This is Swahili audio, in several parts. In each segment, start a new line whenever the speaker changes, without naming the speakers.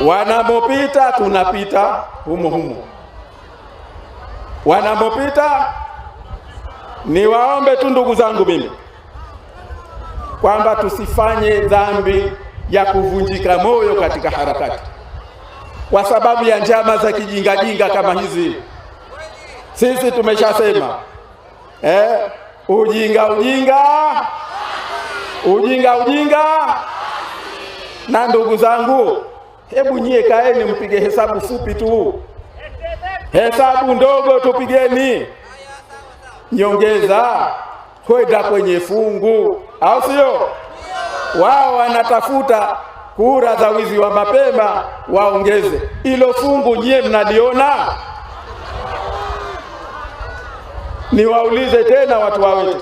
wanapopita tunapita humo humo. Wanapopita niwaombe tu ndugu zangu mimi kwamba tusifanye dhambi ya kuvunjika moyo katika harakati kwa sababu ya njama za kijingajinga kama hizi. Sisi tumeshasema eh, ujinga ujinga ujinga ujinga. Na ndugu zangu Hebu nyie kaeni mpige hesabu fupi tu, hesabu ndogo tupigeni, nyongeza kwenda kwenye fungu, au sio? Wao wanatafuta kura za wizi wa mapema waongeze ilo fungu. Nyie mnaliona? Niwaulize tena watu wa Wete,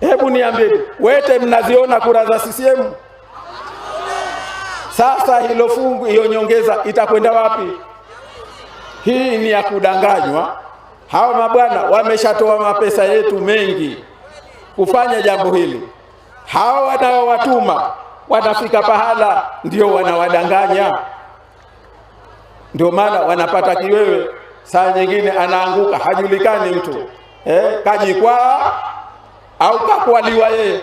hebu niambie, Wete mnaziona kura za CCM? Sasa hilo fungu, hiyo nyongeza itakwenda wapi? Hii ni ya kudanganywa. Hawa mabwana wameshatoa mapesa yetu mengi kufanya jambo hili. Hawa wanaowatuma wanafika pahala ndio wanawadanganya, ndio maana wanapata kiwewe. Saa nyingine anaanguka, hajulikani mtu eh, kajikwaa au kakwaliwa yeye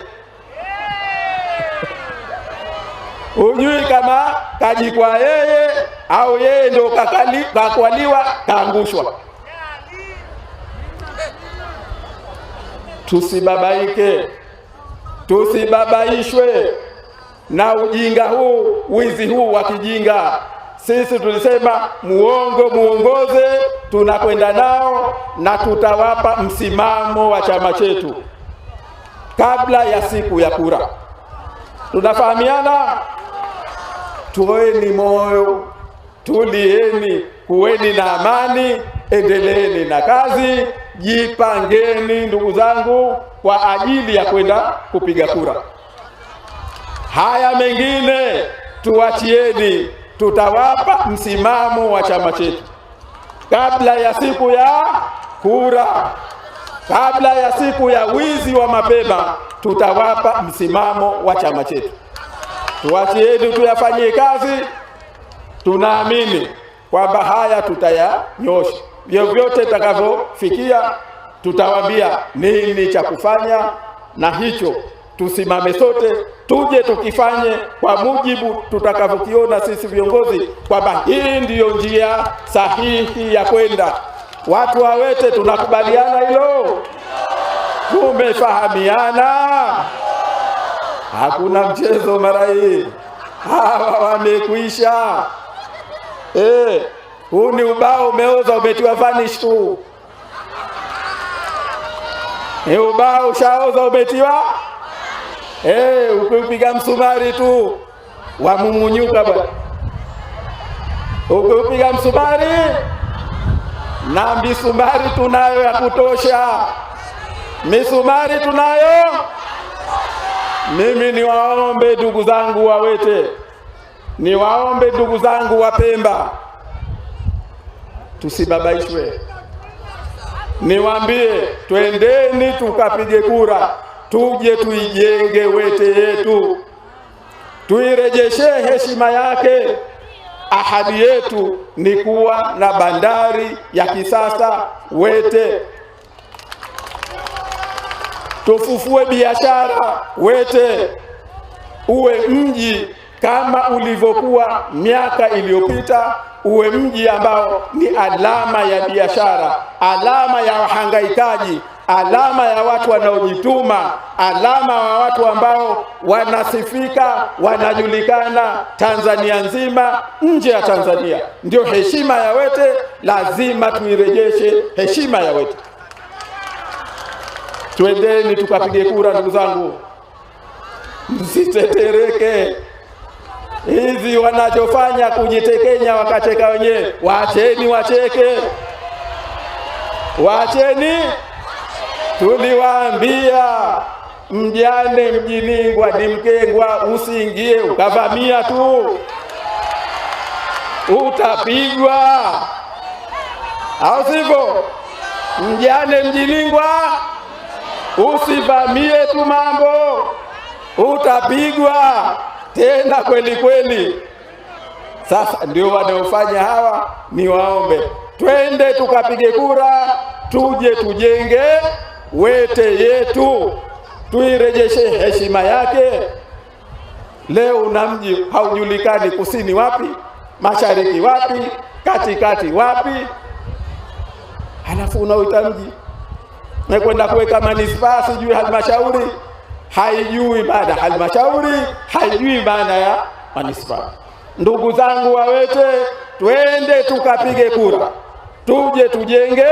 Hujui kama kajikwa yeye au yeye ndio kakwaliwa kaangushwa. Tusibabaike, tusibabaishwe na ujinga huu, wizi huu wa kijinga. Sisi tulisema muongo muongoze, tunakwenda nao na tutawapa msimamo wa chama chetu kabla ya siku ya kura. Tunafahamiana tuweni moyo, tulieni, kuweni na amani, endeleeni na kazi, jipangeni ndugu zangu, kwa ajili ya kwenda kupiga kura. Haya mengine tuwachieni, tutawapa msimamo wa chama chetu kabla ya siku ya kura, kabla ya siku ya wizi wa mapema, tutawapa msimamo wa chama chetu wasieni tuyafanyie kazi. Tunaamini kwamba haya tutayanyosha, vyovyote tutakavyofikia, tutawambia nini cha kufanya, na hicho tusimame sote, tuje tukifanye kwa mujibu tutakavyokiona sisi viongozi kwamba hii ndiyo njia sahihi ya kwenda. Watu wawete, tunakubaliana hilo? Tumefahamiana? Hakuna mchezo mara hii, hawa wamekwisha. Eh, huu ni ubao umeoza, umetiwa vanish tu. Ni ubao ushaoza, umetiwa eh, ukiupiga msumari tu wamumunyuka bwana. Ukiupiga msumari na misumari tunayo ya kutosha, misumari tunayo mimi niwaombe ndugu zangu Wawete, niwaombe ndugu zangu wa Pemba, tusibabaishwe. Niwaambie, twendeni tukapige kura, tuje tuijenge Wete yetu, tuirejeshe heshima yake. Ahadi yetu ni kuwa na bandari ya kisasa Wete tufufue biashara Wete uwe mji kama ulivyokuwa miaka iliyopita, uwe mji ambao ni alama ya biashara, alama ya wahangaikaji, alama ya watu wanaojituma, alama ya watu ambao wanasifika, wanajulikana Tanzania nzima, nje ya Tanzania. Ndio heshima ya Wete, lazima tuirejeshe heshima ya Wete. Twendeni tukapige kura, ndugu zangu, msitetereke. Hizi wanachofanya kujitekenya, wakacheka wenyewe, wacheni wacheke, wacheni. Tuliwaambia mjane, mjiningwa ni mkengwa, usiingie ukavamia tu, utapigwa au sivyo? Mjane mjiningwa Usivamie tu mambo, utapigwa tena kweli kweli. Sasa ndio wanaofanya hawa, ni waombe twende tukapige kura, tuje tujenge Wete yetu, tuirejeshe heshima yake. Leo una mji haujulikani, kusini wapi, mashariki wapi, katikati wapi, halafu unaoita mji mekwenda kuweka manispaa, sijui halmashauri haijui maana halmashauri haijui maana ya manispaa. Ndugu zangu Wawete, twende tukapige kura, tuje tujenge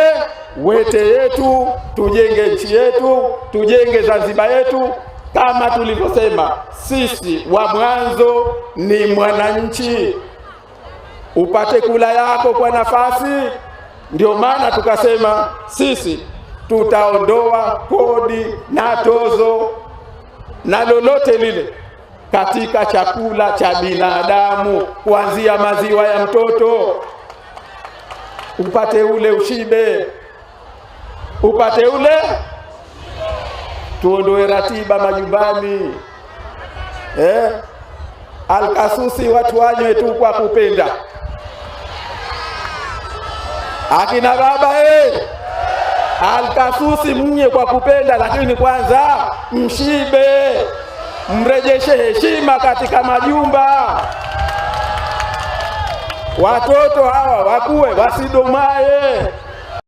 Wete yetu, tujenge nchi yetu, tujenge Zanzibar yetu. Kama tulivyosema sisi, wa mwanzo ni mwananchi, upate kula yako kwa nafasi. Ndio maana tukasema sisi tutaondoa kodi na tozo na lolote lile katika chakula cha binadamu, kuanzia maziwa ya mtoto upate ule ushibe, upate ule. Tuondoe ratiba majumbani eh? Alkasusi watu wanywe tu kwa kupenda, akina baba eh. Alkasusi mnye kwa kupenda, lakini kwanza mshibe, mrejeshe heshima katika majumba. Watoto hawa wakuwe wasidomaye.